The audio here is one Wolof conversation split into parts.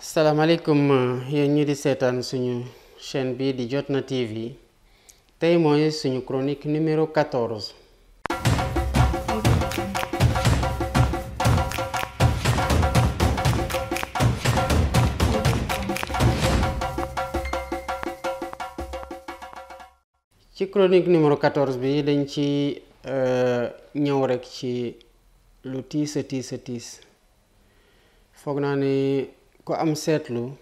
salaamaaleykum euh, yéen ñi di seetaan suñu chaîne bi di jot Jotna TV tey mooy suñu chronique numéro 14. ci chronique numéro 14 bi dañ ci euh, ñëw rek ci lu tiis a tiis a tiis foog naa ne. ku am seetlu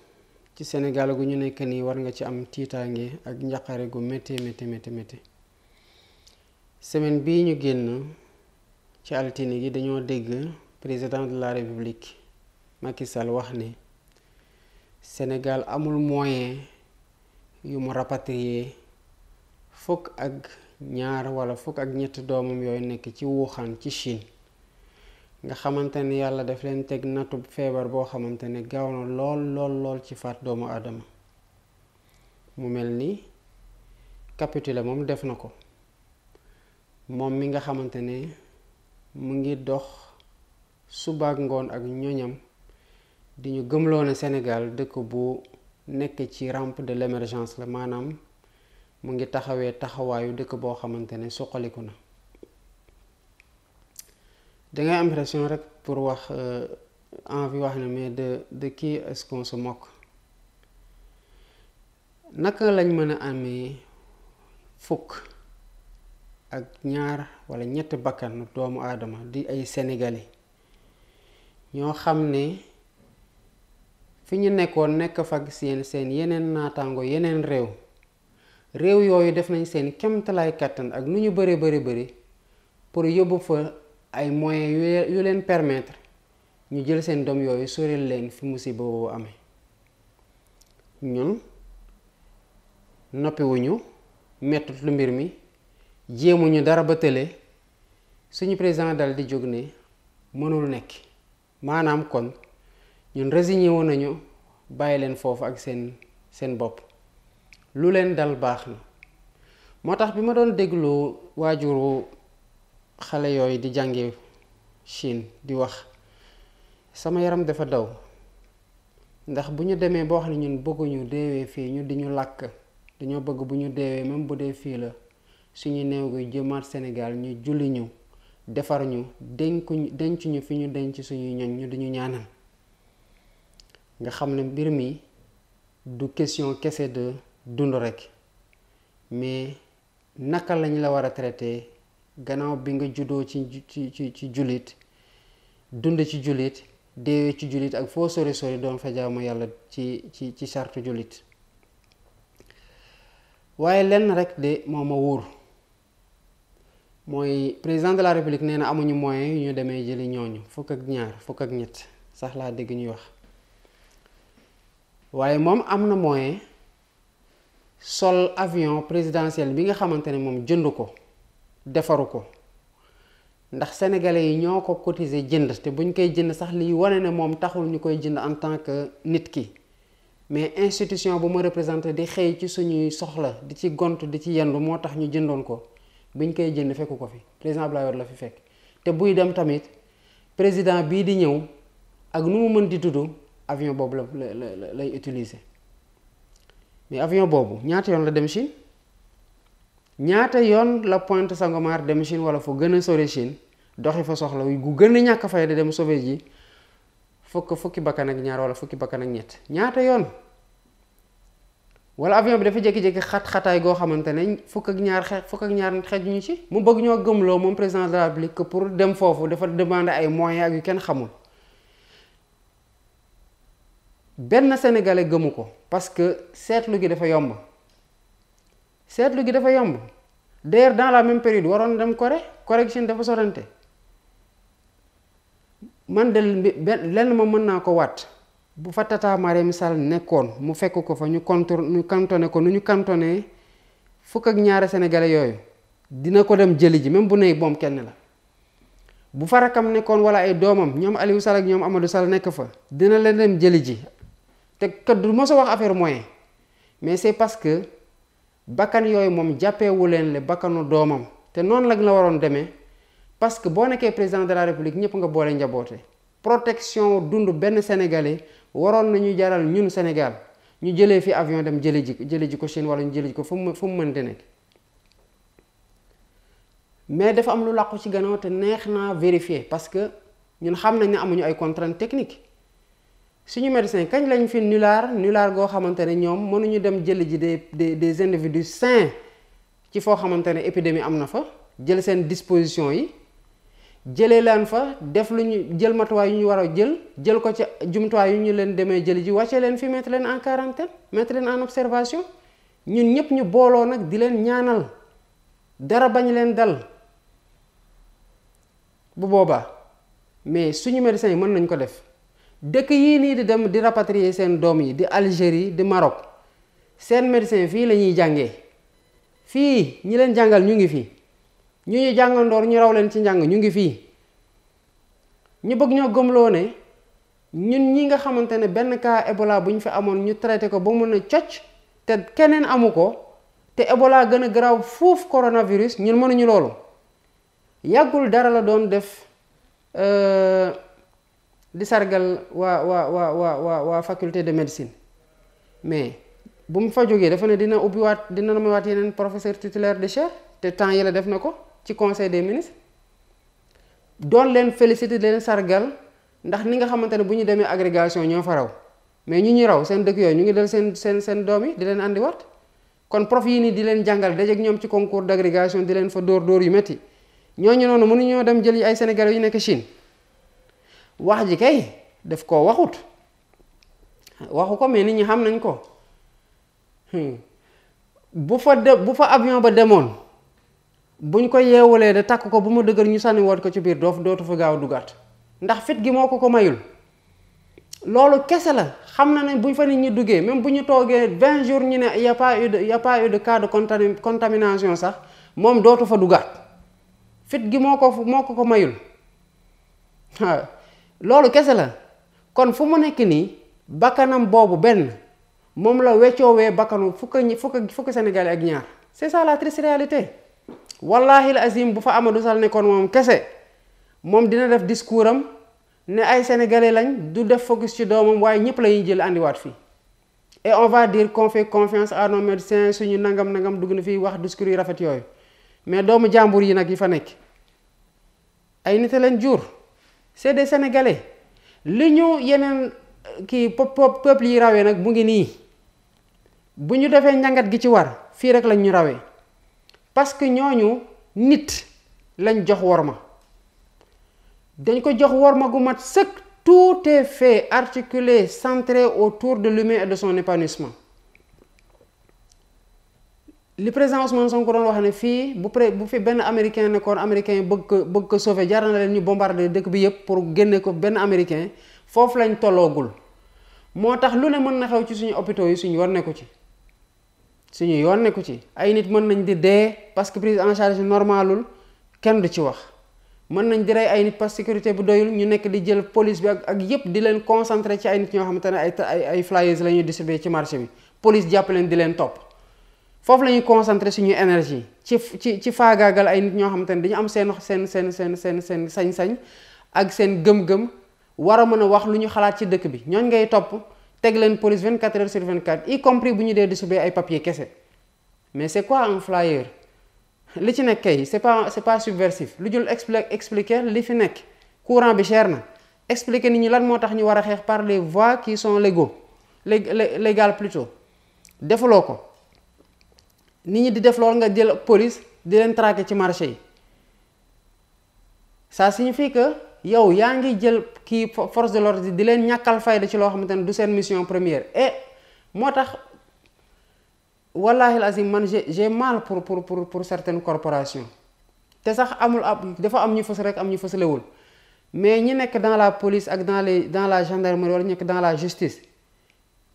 ci Sénégal gu ñu nekk nii war nga ci am tiitaange ak njaqare gu métti métti métti semaine bii ñu génn ci altine gi dañoo dégg président de la république Macky Sall wax ni Sénégal amul moyen yu mu rapatrier fukk ak ñaar wala fukk ak ñett doomam yooyu nekk ci Wuhan ci Chine nga xamante ne yàlla def leen teg natub feebar boo xamante ne gaaw na lool lool lool ci faat doomu aadama mu mel ni capitule moom def na ko moom mi nga xamante ne mu ngi dox subaak ngoon ak ñoñam di ñu gëmloo ne Sénégal dëkk bu nekk ci rampe de l'émergence la maanaam mu ngi taxawee taxawaayu dëkk boo xamante ne suqaliku na da am pression rek pour wax euh, envie wax ne mais de de qui est-ce qu'on naka lañ mën a amee fukk ak ñaar wala ñett bakkan doomu aadama di ay sénégalais ñoo xam ne fi ñu nekkoon nekk fa seen seen yeneen naataango yeneen réew réew yooyu def nañ seen kemtalaay kàttan ak nu ñu bare bare bare pour yóbbu fa ay moyens yu yu leen permettre ñu jël seen doom yooyu soril leen fi musiba boobu amee ñun noppiwuñu mettut lu mbir mi jéemuñu dara ba tële suñu président dal di jóg ne mënul nekk maanaam kon ñun résigné woon nañu bàyyi leen foofu ak seen seen bopp lu leen dal baax na moo tax bi ma doon déglu waajuru xale yooyu di jànge Chine di wax sama yaram dafa daw ndax bu ñu demee ba wax ne ñun bëgguñu deewee fii ñu di ñu làkk dañoo bëgg bu ñu deewee même bu dee fii la suñu néew gi jëmaat Sénégal ñu julli ñu defar ñu denkuñu denc ñu fi ñu denc suñuy ñoñ ñu di ñu ñaanal nga xam ne mbir mi du question kese de dund rekk mais naka lañ la war a traité gannaaw bi nga juddoo ci ci ci ci jullit dund ci jullit deewee ci jullit ak foo sori sori doon fa jaamu yàlla ci ci ci sartu jullit waaye lenn rek de moo ma wóor mooy président de la république nee na amuñu moyen yu ñu demee jëli ñooñu fukk ak ñaar fukk ak ñett sax laa dégg ñuy wax waaye moom am na moyen sol avion présidentiel bi nga xamante ne moom jënd ko defaru ko ndax sénégalais yi ñoo ko cotiser jënd te buñ koy jënd sax liy wane ne moom taxul ñu koy jënd en tant que nit ki mais institution bu ma représenté di xëy ci suñuy soxla di ci gont di ci yendu moo tax ñu jëndoon ko biñ koy jënd fekku ko fi président Abdoulaye la fi fekk te buy dem tamit président bii di ñëw ak nu mu mën di tudd avion boobu la la la lay utiliser mais avion boobu ñaata yoon la dem Chine ñaata yoon la Pointe Sangomar dem Chine wala fu gën a sore Chine doxi fa soxla gu gën a ñàkk fay de dem sauvé ji fukk fukki bakkan ak ñaar wala fukki bakkan ak ñett ñaata yoon wala avion bi dafa jékki-jékki xat-xataay goo xamante ne fukk ak ñaar xeet fukk ak ñaar xeet ñu ci mu bëgg ñoo gëmloo moom président de la République pour dem foofu dafa demander ay moyens ak yu kenn xamul benn sénégalais gëmu parce que seetlu gi dafa yomb seetlu gi dafa yomb d'ailleurs dans la même période waroon dem Corée correction dafa sorante man de lenn ma mën naa ko waat bu fa Tata Marème nekkoon mu fekk ko fa ñu contour ñu cantonné ko nu ñu cantonné fukk ak ñaari sénégalais yooyu dina ko dem jëli ji même bu ney boom kenn la bu fa rakam nekkoon wala ay doomam ñoom Aliou Sall ak ñoom Amadou Sall nekk fa dina leen dem jëli ji te kat du mos a wax affaire moyen mais c'est parce que. bakkan yooyu moom jàppeewu te noonu la parce que boo le président de la république ñëpp nga boole protection dund sénégalais waroon nañu jaral ñun Sénégal ñu jëlee fi avion dem nous ji un mais dafa am te neex vérifier parce que ñun xam nañ ne amuñu ay contraintes techniques suñu médecin kañ lañ fi nulaar nulaar goo xamante ne ñoom mënuñu dem jël ji des des des individus sains ci foo xamante ne épidémie am na fa jël seen disposition yi jëlee leen fa def lu ñu jël matuwaay yu ñu war a jël jël ko ci jumtuwaay yu ñu leen demee jël ji wàcce leen fi mettre leen en quarantaine mettre leen en observation ñun ñëpp ñu booloo nag di leen ñaanal dara bañ leen dal bu boobaa mais suñu médecin yi mën nañ ko def. dëkk yii nii di dem di rapatrie seen doom yi di Algérie di Maroc seen médecin fii la ñuy jàngee fii ñi leen jàngal ñu ngi fii ñu ñu jàngandoor ñu leen ci njàng ñu ngi fii ñu bëgg ñoo gëmloo ne ñun ñi nga xamante ne benn cas Ebola bu ñu fi amoon ñu traité ko ba mun a cocc te keneen amu ko te Ebola gën a garaaw fuuf coronavirus ñun mënuñu loolu yàggul dara la doon def. Euh, di sargal waa waa waa waa waa faculté de médecine mais bu mu fa jógee dafa ne dina ubbiwaat dina waat yeneen professeur titulaire de chaire te temps yi la def na ko ci conseil des ministres doon leen félicité leen sargal ndax ni nga xamante ne bu ñu demee agrégation ñoo fa raw mais ñu ñu raw seen dëkk yooyu ñu ngi dal seen seen seen doom yi di leen andi wat kon prof yi nii di leen jàngal dajeeg ñoom ci concours d' di leen fa dóor dóor yu métti ñooñu noonu mënuñoo dem jël ay Sénégalais yu nekk Chine. wax ji kay def koo waxut waxu ko mais nit ñi xam nañ ko hmm. bu fa de bu fa avion ba demoon buñ ko yeewalee de takk ko bu ma dëgër ñu sànni woot ko ci biir doof dootu fa gaaw dugaat ndax fit gi moo ko ko mayul loolu kese la xam na ne bu fa nit ñi duggee même bu ñu toogee vingt jour ñu ne y a pas eu de y de cas de contamination sax moom dootu fa dugaat fit gi moo ko moo ko ko mayul loolu kese la kon fu mu nekk nii bakkanam boobu benn moom la weccoowee bakkanu fukk fukk fukk Sénégalais ak ñaar c'est ça la triste réalité wallahi la azim bu fa ama Amadou Sall nekkoon moom kese moom dina def discours am ne ay sénégalais lañ du def focus ci doomam waaye ñëpp la ñuy jël andiwaat fii et on va dire qu'on confiance à nos médecins suñu nangam nangam dugg na fii wax discours yu rafet yooyu mais doomu jàmbur yi nag yi fa nekk ay nit a leen jur. c'est des sénégalais li ñu yeneen euh, kii pop peuple yi rawee nag mu ngi nii bu ñu defee gi ci war fi rek lañ ñu rawé parce que ñoñu nit lañ jox worma dañ ko jox worma gu mat sëkk tout est fait articulé centré autour de l'humain et de son épanouissement li président Ousmane ko doon wax ne fii bu pré bu fi benn américain nekkoon américain bëgg ko bëgg ko sauver jar na leen ñu bombarder dëkk bi yëpp pour génne ko benn américain foofu lañ tolloogul moo tax lu ne mën na xew ci suñu hôpitaux yi suñu yoon nekku ci suñu yoon nekku ci ay nit mën nañ di dee parce que prise en charge normalul kenn du ci wax mën nañ di rey ay nit parce que sécurité bu doyul ñu nekk di jël police bi ak ak yëpp di leen concentré ci ay nit ñoo xamante ne ay ay flyers la ñuy distribuer ci marché bi police jàpp leen di foofu la ñuy concentrer suñu énergie ci ci ci faagaagal ay nit ñoo xamante ne dañu am seen seen seen seen seen seen sañ-sañ ak seen gëm-gëm war a mën a wax lu ñu xalaat ci dëkk bi ñooñ ngay topp teg leen police 24 heures sur 24 y compris bu ñu dee distribuer ay papier kese mais c'est quoi un flyer li ci nekk kay c'est pas c'est pas subversif lu jul expli expliquer li fi nekk courant bi cher na explique nit ñi lan moo tax ñu war a xeex par les voies qui sont légaux lég légal plutôt defuloo ko nit ñi di def loolu nga jël police di leen traquer ci marché yi ça signifie que yow yaa ngi jël kii force de l'ordre di leen ñàkkal fayda ci loo xamante ne du seen mission première et moo tax wallahi lazim man j'ai mal pour pour pour pour certaines corporations te sax amul ab dafa am ñu fës rek am ñu fësalewul mais ñi nekk dans la police ak dans les dans la gendarmerie wala ñu nekk dans la justice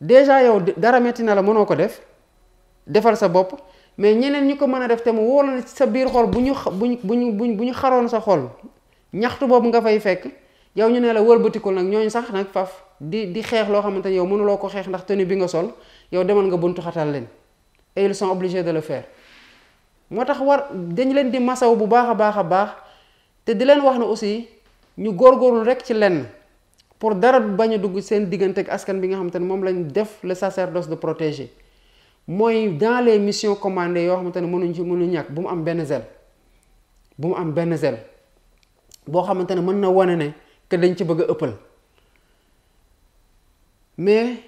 déjà yow dara metti na la mënoo ko def defal sa bopp mais ñeneen ñi ko mën a def te mu wóor la sa biir xol bu ñu buñ buñu buñ bu ñu xaroon sa xol ñaxtu boobu nga fay fekk yow ñu nee la wëlbatikul nag ñooñu sax nag faf di di xeex loo xamante ni yow mënuloo ko xeex ndax tenue bi nga sol yow demal nga buntu xatal leen et ils sont obligés de le faire moo tax war dañ leen di masaw bu baax a baax a baax te di leen wax ne aussi ñu góorgóorlu rek ci lenn pour dara bañ a dugg seen diggante ak askan bi nga xamante ne moom lañ def le sacerdoce de protéger mooy dans les missions commandées yoo xamante ne mënuñ ci mënuñ ñàkk bu mu am benn zel bu mu am benn zel boo xamante ne mën na wane ne que dañ ci bëgg a ëppal mais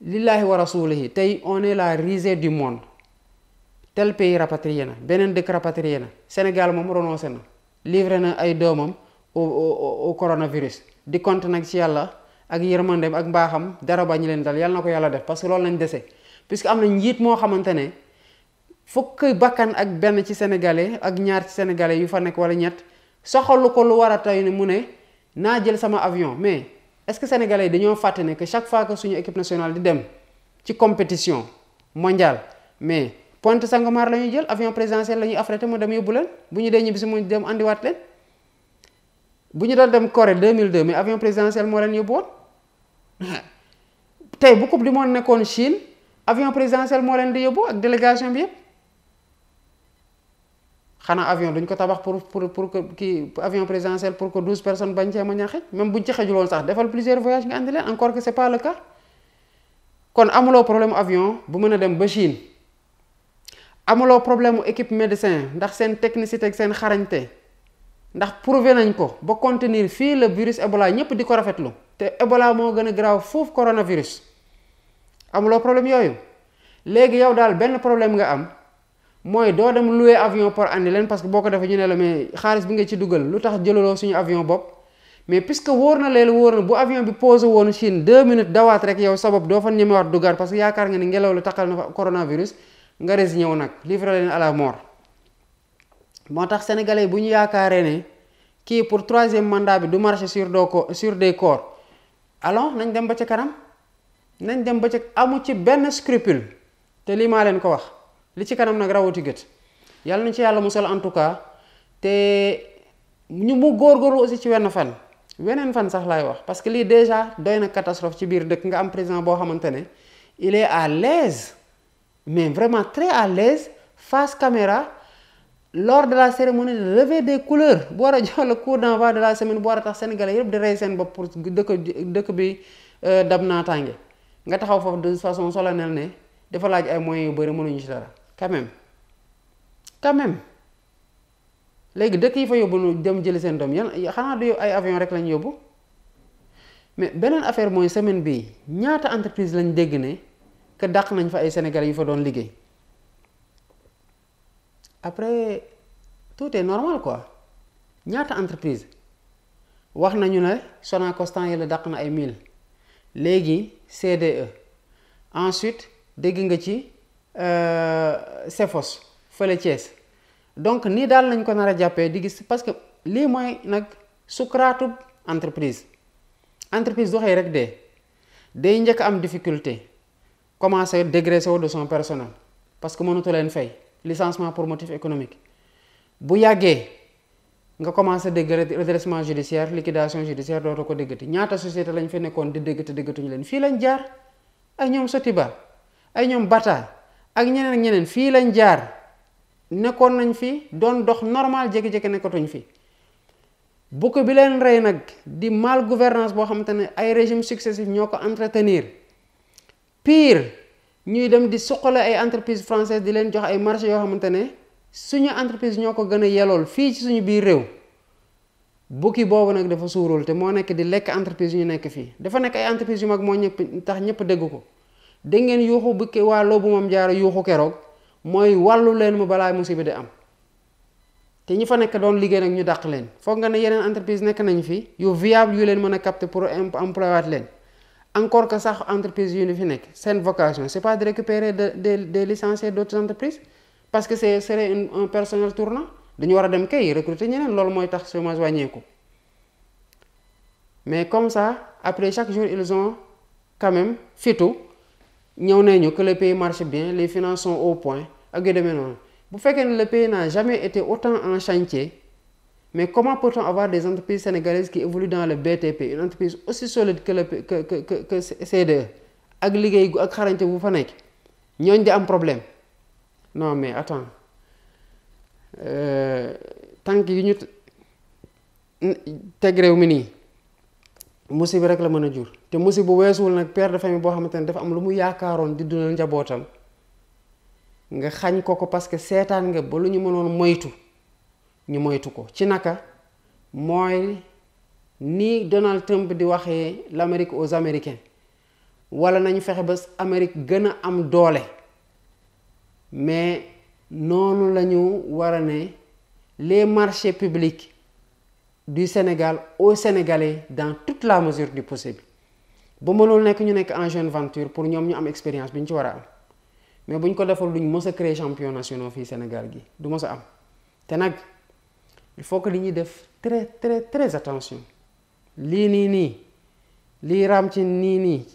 lillahi wa rasulihi tey on est la risée du monde tel pays rapatrié na beneen dëkk rapatrié na Sénégal moom renoncé na livré na ay doomam au au coronavirus di compte nag ci yàlla ak yërmandeem ak mbaaxam dara bañ leen dal yàlla na ko yàlla def parce que loolu lañ dese puisque am na njiit moo xamante ne fukk bakkan ak benn ci sénégalais ak ñaar ci yu fa nekk wala ñett soxalu ko lu war a tey ne naa jël sama avion mais est-ce dañoo fàtte que chaque fois que suñu équipe di dem ci compétition mondiale mais Pointe Sangomar la ñuy jël avion présidentiel la ñuy affrété mu dem yóbbu leen bu ñu dee ñibbi si mu dem andiwaat leen. Si ñu doon dem Corée 2002 mais avion présidentiel moo leen yóbbu woon tey bu coupe du monde nekkoon Chine avion présidentiel moo leen de yóbbu ak délégation bi yëpp avion duñ ko tabax pour pour pour que avion présidentiel pour que 12 personnes bañ cee ma ñaxej même buñ ci xejul woon sax defal plusieurs voyages nga encore que c'est pas le cas kon amuloo problème avion bu mën a dem ba Chine amuloo problème équipe médecin ndax une technicité ak une xarañte ndax prouvé nañ ko ba contenir fii le virus Ebola ñëpp di ko rafetlu te Ebola moo gën a garaaw foofu coronavirus amuloo problème yooyu léegi yow daal benn problème nga am mooy doo dem louer avion pour andi leen parce que boo ko defee ñu ne la mais xaalis bi nga ci dugal lu tax suñu avion bopp mais puisque wóor na leen wóor na bu avion bi posé woon Chine deux minutes dawaat rek yow sabab doo fa ñemewaat dugaat parce que yaakaar nga ni ngelaw la na coronavirus nga résigné wu nag livré leen à la mort motax sénégalais buñu ñu né ki kii pour troisième mandat bi du marché sur des sur des corps allons nañ dem ba ci karam nañ dem ba ci amu ci ben scrupule té li ma leen ko wax li ci kanam nag rawati gët yalla nañ ci yalla musal en tout cas té ñu mu gor góorgóorlu aussi ci wén fan wénen fan sax lay wax parce que li déjà doyna catastrophe ci biir dëkk nga am président bo xamante il est à l'aise mais vraiment très à l'aise face caméra lors de la cérémonie de levée des couleurs bu war a jox la coup d'envoi de la semaine bu war a tax sénégalais yëpp di rey seen bopp pour dëkk dëkk bi euh, dab naa tànge nga taxaw foofu de façon solennelle ne dafa laaj ay moyens yu bëri mënuñu ci dara quand même léegi dëkk yi fa yóbbu nu dem jëli seen doom yan xanaa du ay avion rek lañ yóbbu mais beneen affaire mooy semaine bii ñaata entreprise lañ dégg ne que dàq nañ fa ay sénégalais yi fa doon liggéey. après tout est normal quoi ñaata entreprise wax nañu ne Sonacos temps yële dàq na ay mille léegi CDE ensuite dégg nga ci euh, Cefos fële Thiès donc nii daal nañ ko nar jàppee di gis parce que lii mooy nag sukuraatub entreprise entreprise doxee rek dee day njëkk am difficulté commencé dégraisser de son personnel parce que mënatu leen fay. licenciement pour motif économique bu yàggee nga commencé dégg redressement judiciaire liquidation judiciaire dootoo ko dégg ñaata société lañ fi nekkoon di dégg te déggatuñ leen fii lañ jaar ay ñoom Sotiba ay ñoom Bata ak ñeneen ak ñeneen fii lañ jaar nekkoon nañ fi doon dox normal jékki-jékki nekkatuñ fi bukk bi leen rey nag di mal gouvernance boo xamante ne ay régime successif ñoo ko entretenir pire ñuy dem di suqale ay entreprise française di leen jox ay marché yoo xamante ne suñu entreprise ñoo ko gën a yelool fii ci suñu biir réew bukki boobu nag dafa suurul te moo nekk di lekk entreprise yu ñu nekk fii dafa nekk ay entreprise yu mag moo ñëpp tax ñëpp dégg ko dégg ngeen yuuxu bukki waa bu moom jaaro yuuxu keroog mooy wallu leen mu balaa musiba di am te ñu fa nekk doon liggéey nag ñu dàq leen foog nga ne yeneen entreprise nekk nañu fi yu viable yu leen mën a capter pour employé waat leen encore que ça entreprise une c'est une Ce n'est vocation pas de récupérer des licenciés d'autres entreprises parce que c'est serait un personnel tournant De dem recruter ñeneen mais comme ça après chaque jour ils ont quand même fait tout. ont dit que le pays marche bien les finances sont au point ak faites que le pays n'a jamais été autant en chantier Mais comment peut-on avoir des entreprises sénégalaises qui évoluent dans le BTP, une entreprise aussi solide que, le, que, que, que, que C2, avec les gens qui ont des am problème Non, mais attends. Euh, tant que nous avons des musiba rek la mën a jur te musiba weesuwul nag per de famille boo xamante ne dafa am lu mu yaakaaroon di dundal njabootam nga xañ ko ko parce que seetaan nga ba lu ñu mënoon moytu ñu moytu ko ci naka ni Donald Trump di waxee l'Amérique aux Américains wala nous fexé ba Amérique gëna am mais les marchés publics du Sénégal aux Sénégalais dans toute la mesure du possible Si nous nek ñu en jeune venture pour ñom ñu am expérience mais si ko défal duñ créer champion national Sénégal du am il faut que nous fassions def très très très attention lii ni ni, lii raam ci ni, nii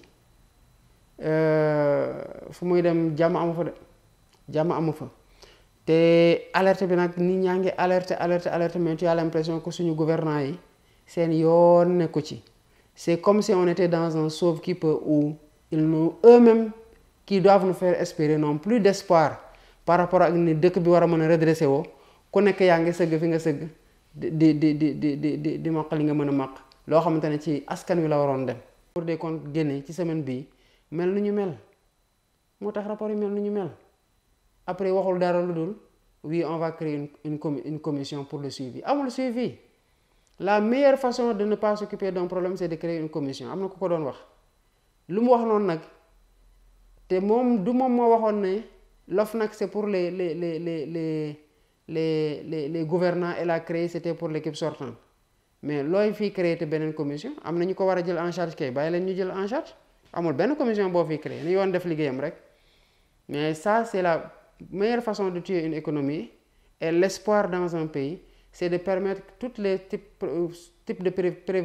euh, fu muy dem jàmm amu fa de jàmm te alerte bi nak nit ñaa ngi alerte alerte alerte mais tu as l'impression que suñu gouvernement yi seen yoon nekku ci c'est comme si on était dans un sauve-qui-peut où ils nous eux-mêmes qui doivent nous faire espérer n'ont plus d'espoir par rapport à ni dëkk bi war a mën a redresser woo ku nekk yaa ngi sëgg fi nga sëgg di di di di di di di maq li nga mën a maq loo xamante ne ci askan wi la waroon dem pour des comptes génne ci semaine bii mel nu ñu mel moo tax rapport yi mel nu ñu mel après waxul dara lu dul oui on va créer une une commission pour le suivi amul suivi la meilleure façon de ne pas s'occuper d'un problème c'est de créer une commission am na ku ko doon wax lu mu wax noonu nag te moom du moom moo waxoon ne l'OFNAC c'est pour les les les les les les les gouvernants elle a créé c'était pour l'équipe sortante mais looy fi créé te commission amna ñu ko wara jël en charge kay bàyyi leen ñu jël en charge amul benn commission bo fi créé ni yoon def liggéeyam rek mais ça c'est la meilleure façon de tuer une économie et l'espoir dans un pays c'est de permettre tous les types de pré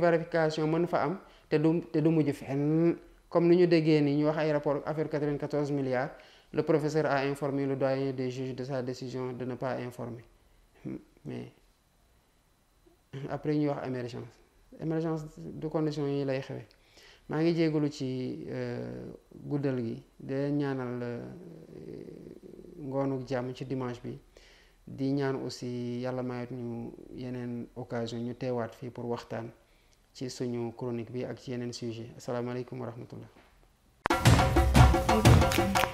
mën fa am te du te du mujj comme ni ñu déggee ni ñu wax ay rapport affaire 94 milliards le professeur a informé le doyen des juges de sa décision de ne pas informer mais après ñuy wax émergence émergence de condition yi lay xewe Je ngi jégalu ci euh, guddal gi di leen ñaanal euh, ci dimanche bi di ñaan aussi yàlla mayet ñu occasion ñu teewaat pour waxtaan ci suñu chronique bi ak ci Assalamu sujet alaikum wa rahmatullah